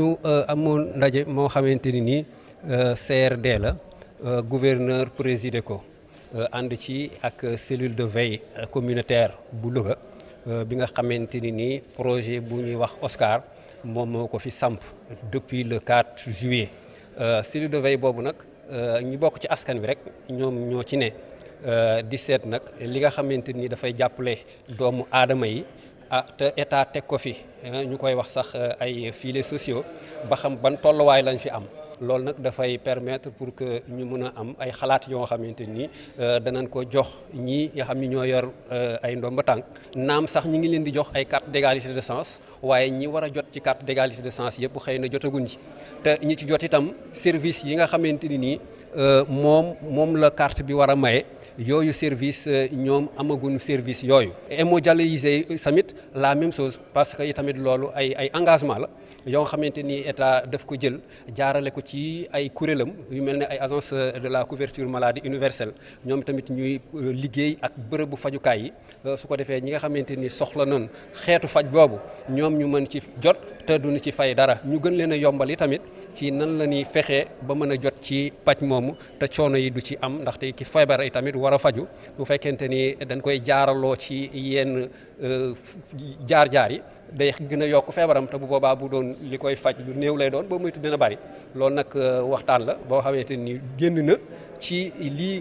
ñu euh, amoon ndaje moo xamante ni nii euh, CRD la euh, gouverneur présider ko ànd ci ak cellule de veille communautaire bu Louga bi nga xamante ni nii projet bu ñuy wax Oscar moom moo ko fi samp depuis le 4 juillet cellule de veille boobu nag ñi bokk ci askan wi rek ñoom ñoo ci ne di seet nag li nga xamante ni dafay jàppale doomu aadama yi ah te état teg ko fi eh, ñu koy wax sax eh, ay filets sociaux ba xam ban tolluwaay lañ fi am loolu nag dafay permettre pour que ñu mun a am ay xalaat yoo xamante ni eh, danañ ko jox ñii nga xam ni ñoo yor ay ndomba tànk naam sax ñi ngi leen di jox ay carte d'égalité de sens waaye ñi war a jot ci carte d'égalité de sens yëpp xëy na jotaguñ ci te ñi ci jot itam service yi nga xamante ni nii moom moom la carte bi war a maye. yooyu service eh, ñoom amaguñu service yooyu. hémodialysé tamit la même chose parce que tamit loolu ay ay engagement la yoo xamante ni état daf ko jël jaarale ko ci ay kuréelam yu mel ni ay agence de la couverture maladie universelle ñoom tamit ñuy euh, liggéey ak bërëbu fajukaay yi euh, su ko defee ñi nga xamante ni soxla noonu xeetu faj boobu ñoom ñu mën ci jot. te duñu ci fay dara ñu gën leen a yombali tamit ci nan la ñuy fexee ba mën a jot ci paj moomu te coono yi du ci am ndaxte ki feebar yi tamit war a faju bu fekkente ni dañ koy jaaraloo ci yenn euh, jaar-jaar yi day gën a yokk feebaram te bu boobaa bu doon li koy faj lu néew lay doon ba moytu dina bari loolu nag euh, waxtaan la boo xamante ni génn na ci lii